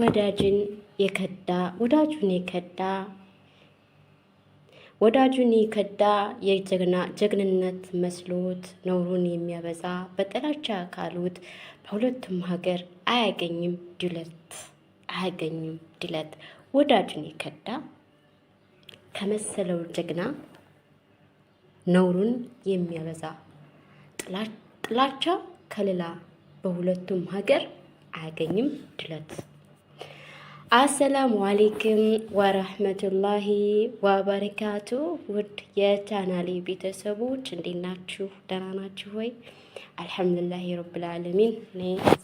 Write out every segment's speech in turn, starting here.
ወዳጅን የከዳ ወዳጁን የከዳ ወዳጁን የከዳ የጀግና ጀግንነት መስሎት ነውሩን የሚያበዛ በጥላቻ ካሉት በሁለቱም ሀገር አያገኝም ድለት አያገኝም ድለት ወዳጁን የከዳ ከመሰለው ጀግና ነውሩን የሚያበዛ ጥላቻ ከሌላ በሁለቱም ሀገር አያገኝም ድለት አሰላሙ አሌይኩም ወረህመቱላሂ ወበረካቱ። ውድ የቻናሌ ቤተሰቦች እንዴት ናችሁ? ደህና ናችሁ ወይ? አልሐምዱሊላሂ ረብል እኔ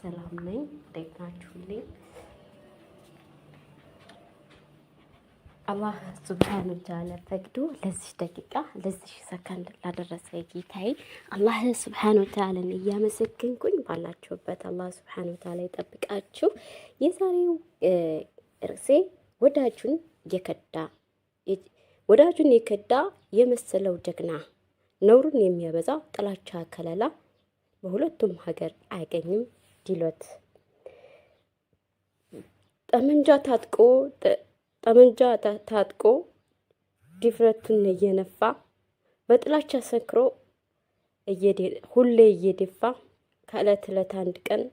ሰላም ነኝ። እንዴት ናችሁልኝ? አላህ ሱብሓነ ወተዓላ ፈቅዶ ለዚህ ደቂቃ ለዚህ ሰከንድ ላደረሰ ጌታዬ አላህ ሱብሓነ ወተዓላን እያመሰገንኩኝ ባላችሁበት አላህ ሱብሓነ ወተዓላ ይጠብቃችሁ። የዛሬው እርሴ ወዳጁን የከዳ ወዳጁን የከዳ የመሰለው ጀግና ነውሩን የሚያበዛ ጥላቻ ከለላ በሁለቱም ሀገር አይገኝም ዲሎት ጠመንጃ ታጥቆ ጠመንጃ ታጥቆ ድፍረቱን እየነፋ በጥላቻ ሰክሮ ሁሌ እየደፋ ከዕለት ዕለት አንድ ቀን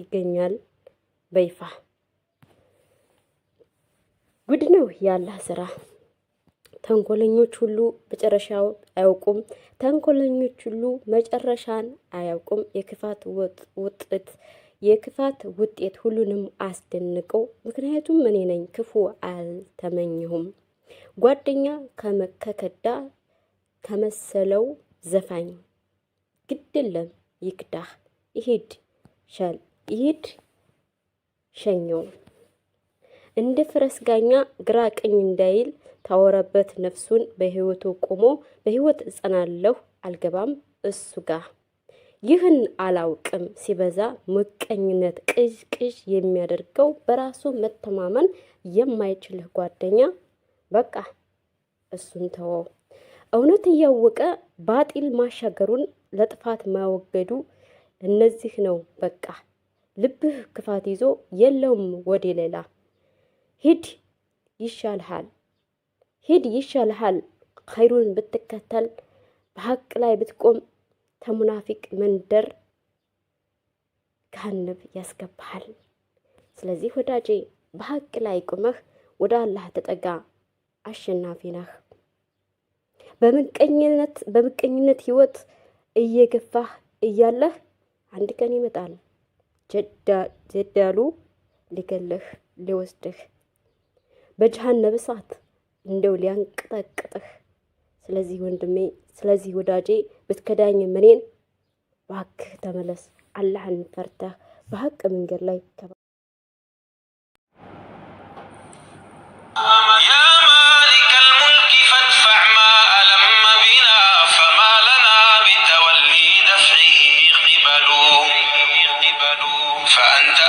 ይገኛል በይፋ። ጉድ ነው የአላህ ስራ። ተንኮለኞች ሁሉ መጨረሻው አያውቁም። ተንኮለኞች ሁሉ መጨረሻን አያውቁም። የክፋት ውጤት የክፋት ውጤት ሁሉንም አስደንቀው። ምክንያቱም እኔ ነኝ ክፉ አልተመኘሁም። ጓደኛ ከከዳ ከመሰለው ዘፋኝ ግድለም ይክዳህ ይሄድ ሸል ይሄድ ሸኘው እንደ ፈረስጋኛ ጋኛ ግራ ቀኝ እንዳይል ታወረበት ነፍሱን በህይወቱ ቆሞ በህይወት እጸናለሁ አልገባም እሱ ጋር ይህን አላውቅም ሲበዛ ምቀኝነት ቅዥ ቅዥ የሚያደርገው በራሱ መተማመን የማይችልህ ጓደኛ በቃ እሱን ተወው። እውነት እያወቀ ባጢል ማሻገሩን ለጥፋት ማወገዱ እነዚህ ነው በቃ ልብህ ክፋት ይዞ የለውም ወደ ሌላ ሂድ ይሻልሃል፣ ሂድ ይሻልሃል። ኸይሩን ብትከተል በሀቅ ላይ ብትቆም ተሙናፊቅ መንደር ካንብ ያስገባሃል። ስለዚህ ወዳጄ በሀቅ ላይ ቁመህ ወደ አላህ ተጠጋ፣ አሸናፊ ነህ። በምቀኝነት በምቀኝነት ህይወት እየገፋህ እያለህ አንድ ቀን ይመጣል ጀዳሉ ሊገልህ ሊወስድህ በጀሃነም እሳት እንደው ሊያንቀጠቅጥህ። ስለዚህ ወንድሜ፣ ስለዚህ ወዳጄ ብትከዳኝ ምኔን ባክህ ተመለስ፣ አላህን ፈርተህ በሀቅ መንገድ ላይ فأنت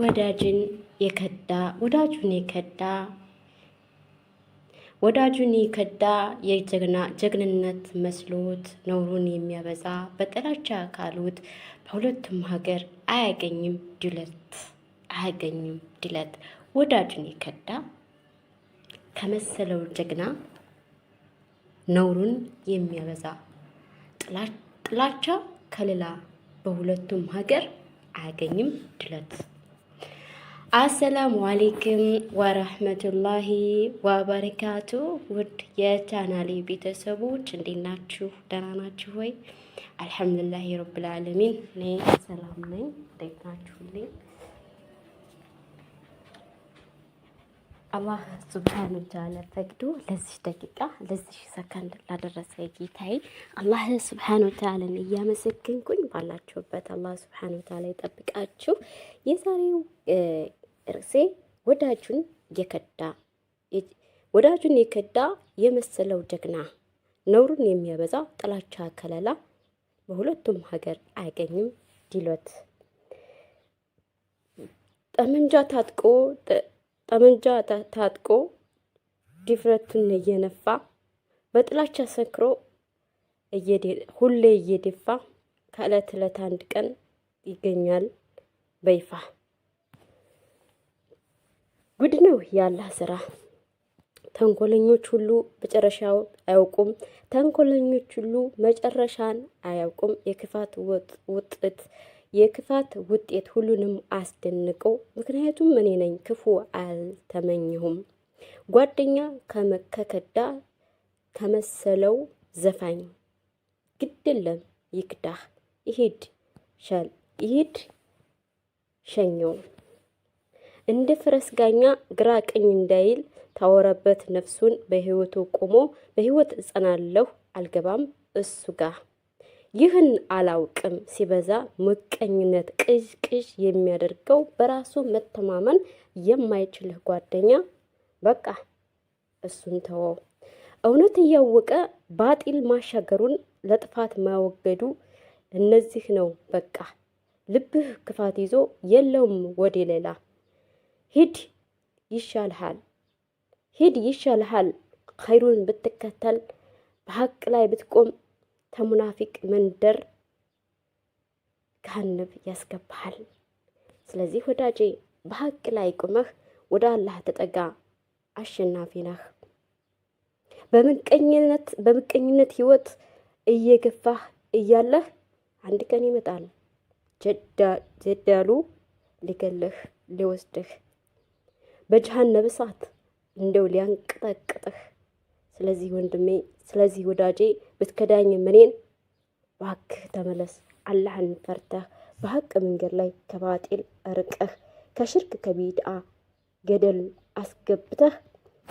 ወዳጅን የከዳ ወዳጁን የከዳ ወዳጁን የከዳ የጀግና ጀግንነት መስሎት ነውሩን የሚያበዛ በጥላቻ ካሉት በሁለቱም ሀገር አያገኝም ድለት አያገኝም ድለት ወዳጁን የከዳ ከመሰለው ጀግና ነውሩን የሚያበዛ ጥላቻ ከሌላ በሁለቱም ሀገር አያገኝም ድለት አሰላሙ አሌይኩም ወረህመቱላሂ ወበረካቱ። ውድ የቻናሌ ቤተሰቦች እንዴት ናችሁ? ደህና ናችሁ ወይ? አልሐምዱሊላሂ ረብል ዓለሚን እኔ ሰላም ነኝ። እንዴት ናችሁልኝ? አላህ ሱብሓነ ወተዓላ ፈቅዶ ለዚህ ደቂቃ ለዚህ ሰከንድ ላደረሰ ጌታዬ አላህ ሱብሓነ ወተዓላን እያመሰገንኩኝ ባላችሁበት አላህ ሱብሓነ ወተዓላ ይጠብቃችሁ። የዛሬው ርዕሴ ወዳጁን የከዳ ወዳጁን የከዳ የመሰለው ጀግና ነውሩን የሚያበዛ ጥላቻ ከለላ በሁለቱም ሀገር አይገኝም ዲሎት ጠመንጃ ታጥቆ ጠመንጃ ታጥቆ ድፍረቱን እየነፋ በጥላቻ ሰክሮ ሁሌ እየደፋ ከእለት ዕለት አንድ ቀን ይገኛል በይፋ። ጉድ ነው የአላህ ስራ። ተንኮለኞች ሁሉ መጨረሻው አያውቁም። ተንኮለኞች ሁሉ መጨረሻን አያውቁም። የክፋት ውጤት የክፋት ውጤት ሁሉንም አስደንቀው። ምክንያቱም እኔ ነኝ ክፉ አልተመኘሁም። ጓደኛ ከመከከዳ ከመሰለው ዘፋኝ ግድለም ይክዳህ ሸል ይሄድ ሸኘው። እንደ ፈረስጋኛ ግራ ቀኝ እንዳይል ታወረበት ነፍሱን በህይወቱ ቆሞ በህይወት እጸናለሁ አልገባም እሱ ጋር ይህን አላውቅም ሲበዛ ምቀኝነት ቅዥ ቅዥ የሚያደርገው በራሱ መተማመን የማይችልህ ጓደኛ በቃ እሱን ተወው። እውነት እያወቀ ባጢል ማሻገሩን ለጥፋት ማወገዱ እነዚህ ነው በቃ ልብህ ክፋት ይዞ የለውም ወደ ሌላ ሂድ ይሻልሃል፣ ሂድ ይሻልሃል። ኸይሩን ብትከተል በሀቅ ላይ ብትቆም ተሙናፊቅ መንደር ካንብ ያስገባሃል። ስለዚህ ወዳጄ በሀቅ ላይ ቁመህ ወደ አላህ ተጠጋ፣ አሸናፊ ነህ። በምቀኝነት በምቀኝነት ህይወት እየገፋህ እያለህ አንድ ቀን ይመጣል ጀዳሉ ሊገልህ ሊወስድህ በጀሃነም እሳት እንደው ሊያንቀጠቅጥህ። ስለዚህ ወንድሜ፣ ስለዚህ ወዳጄ ብትከዳኝ ምኔን እባክህ ተመለስ። አላህን ፈርተህ በሀቅ መንገድ ላይ ከባጢል ርቀህ ከሽርክ ከቢድአ ገደል አስገብተህ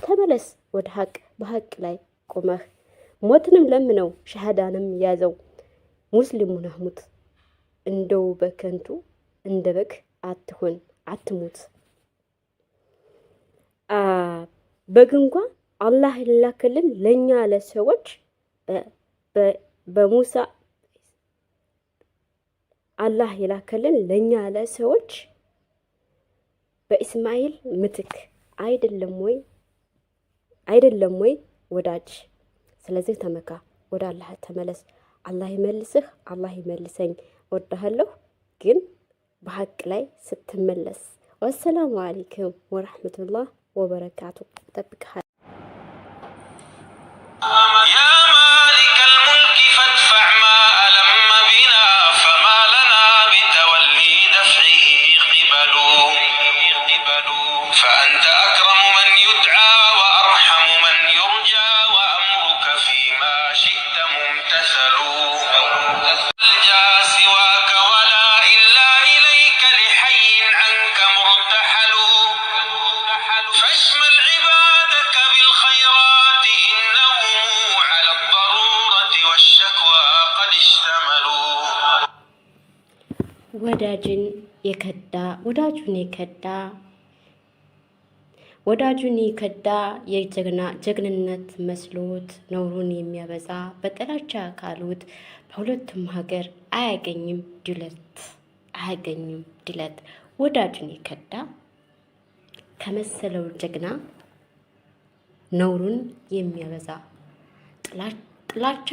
ተመለስ ወደ ሀቅ በሀቅ ላይ ቆመህ ሞትንም ለምነው ሸሃዳንም ያዘው ሙስሊሙ ነህ ሙት እንደው በከንቱ እንደ በግ አትሆን አትሙት በግ እንኳን አላህ የላከልን ለእኛ ለሰዎች በሙሳ አላህ የላከልን ለእኛ ለሰዎች በኢስማኤል ምትክ አይደለም ወይ? አይደለም ወይ ወዳጅ? ስለዚህ ተመካ፣ ወደ አላህ ተመለስ። አላህ ይመልስህ፣ አላህ ይመልሰኝ። ወዳሃለሁ ግን በሀቅ ላይ ስትመለስ። ወሰላሙ አሌይኩም ወረሕመቱላህ ወበረካቱ ತಪ್ಪಿಗೆ የከዳ ወዳጁን የከዳ ወዳጁን የከዳ የጀግና ጀግንነት መስሎት ነውሩን የሚያበዛ በጥላቻ ካሉት በሁለቱም ሀገር አያገኝም ድለት አያገኝም ድለት ወዳጁን የከዳ ከመሰለው ጀግና ነውሩን የሚያበዛ ጥላቻ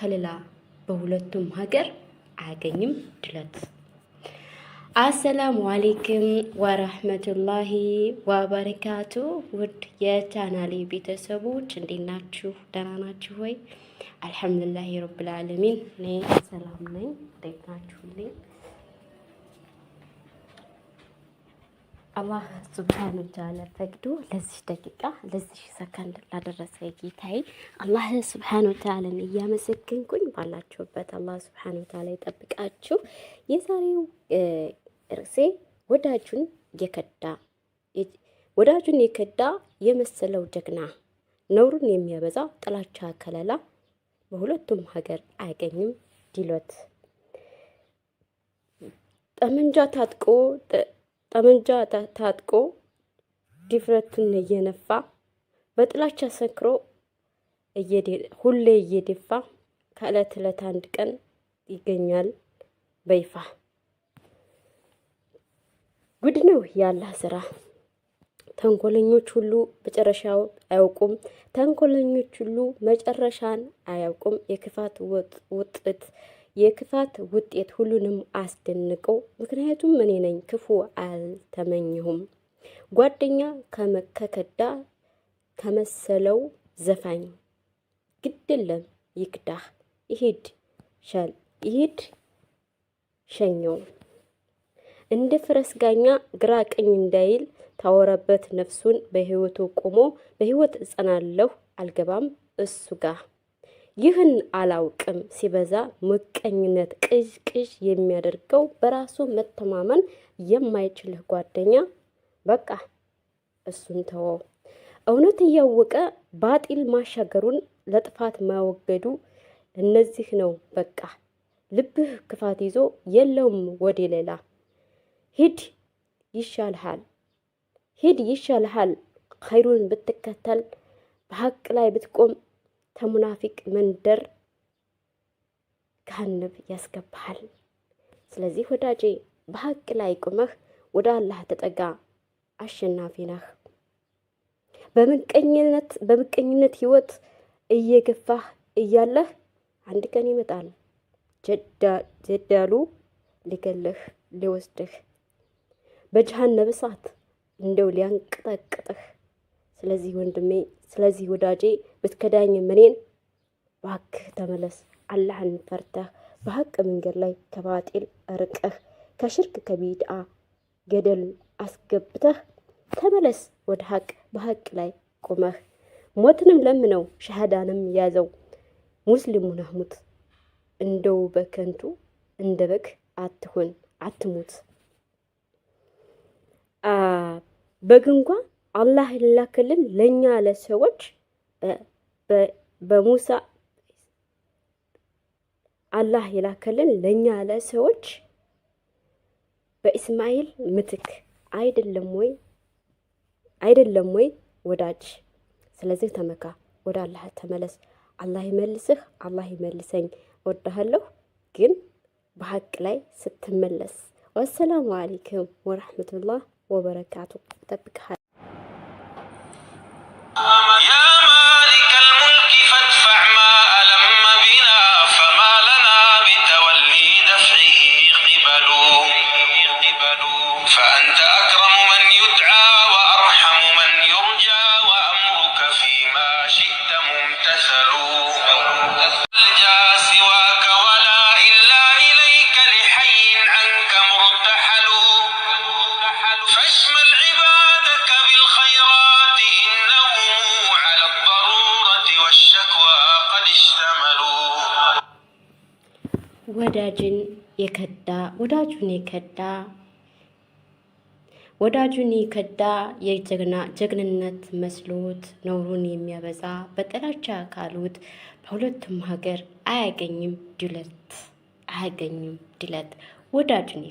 ከሌላ በሁለቱም ሀገር አያገኝም ድለት አሰላሙ አሌይኩም ወረህመቱላሂ ወበረካቱ። ውድ የቻናሌ ቤተሰቦች እንዴት ናችሁ? ደህና ናችሁ ወይ? አልሐምዱሊላህ ረብል ዓለሚን እኔ ሰላም ነኝ። እንዴት ናችሁልኝ? አላህ ሱብሓነ ወተዓላ ፈቅዶ ለዚህ ደቂቃ ለዚህ ሰከንድ ላደረሰ ጌታዬ አላህ ሱብሓነ ወተዓላን እያመሰገንኩኝ ባላችሁበት አላህ ሱብሓነ ወተዓላ ይጠብቃችሁ። የዛሬው ርዕሴ ወዳጁን የከዳ ወዳጁን የከዳ የመሰለው ጀግና ነውሩን የሚያበዛ ጥላቻ ከለላ በሁለቱም ሀገር አያገኝም ዲሎት ጠመንጃ ታጥቆ ጠመንጃ ታጥቆ ድፍረቱን እየነፋ በጥላቻ ሰክሮ ሁሌ እየደፋ ከዕለት ዕለት አንድ ቀን ይገኛል በይፋ ጉድ ነው ያላህ ስራ። ተንኮለኞች ሁሉ መጨረሻው አያውቁም። ተንኮለኞች ሁሉ መጨረሻን አያውቁም። የክፋት ውጤት የክፋት ውጤት ሁሉንም አስደንቀው። ምክንያቱም እኔ ነኝ ክፉ አልተመኘሁም። ጓደኛ ከመከከዳ ከመሰለው ዘፋኝ ግድለም ይክዳህ ይሄድ ሸል ይሄድ ሸኘው እንደ ፈረስጋኛ ግራ ቀኝ እንዳይል ታወረበት ነፍሱን በህይወቱ ቆሞ በህይወት እጸናለሁ አልገባም እሱ ጋር ይህን አላውቅም ሲበዛ ምቀኝነት ቅዥ ቅዥ የሚያደርገው በራሱ መተማመን የማይችልህ ጓደኛ በቃ እሱን ተወው። እውነት እያወቀ ባጢል ማሻገሩን ለጥፋት ማወገዱ እነዚህ ነው በቃ ልብህ ክፋት ይዞ የለውም ወደ ሌላ ሂድ ይሻልሃል፣ ሂድ ይሻልሃል። ኸይሩን ብትከተል በሀቅ ላይ ብትቆም ተሙናፊቅ መንደር ካንብ ያስገባሃል። ስለዚህ ወዳጄ በሀቅ ላይ ቁመህ ወደ አላህ ተጠጋ፣ አሸናፊ ነህ። በምቀኝነት በምቀኝነት ህይወት እየገፋህ እያለህ አንድ ቀን ይመጣል ጀዳሉ ሊገልህ ሊወስድህ በጀሃነብ እሳት እንደው ሊያንቀጠቅጥህ። ስለዚህ ወንድሜ፣ ስለዚህ ወዳጄ ብትከዳኝም እኔን ባክህ ተመለስ። አላህን ፈርተህ በሀቅ መንገድ ላይ ከባጤል ርቀህ ከሽርክ ከቢድአ ገደል አስገብተህ ተመለስ ወደ ሀቅ በሀቅ ላይ ቆመህ ሞትንም ለምነው ሸሃዳንም ያዘው ሙስሊሙን አሙት እንደው በከንቱ እንደ በግ አትሆን አትሙት። በግ እንኳ አላህ የላከልን ለእኛ ለሰዎች በሙሳ አላህ የላከልን ለእኛ ለሰዎች በኢስማኤል ምትክ አይደለም ወይ? አይደለም ወይ ወዳጅ? ስለዚህ ተመካ፣ ወደ አላህ ተመለስ። አላህ ይመልስህ፣ አላህ ይመልሰኝ። እወድሃለሁ፣ ግን በሀቅ ላይ ስትመለስ። ወሰላሙ አለይኩም ወረሕመቱላህ وبركاته ወዳጅን የከዳ ወዳጁን የከዳ ወዳጁን የከዳ የጀግና ጀግንነት መስሎት ነውሩን የሚያበዛ በጥላቻ ካሉት በሁለቱም ሀገር አያገኝም ድለት አያገኝም ድለት ወዳጁን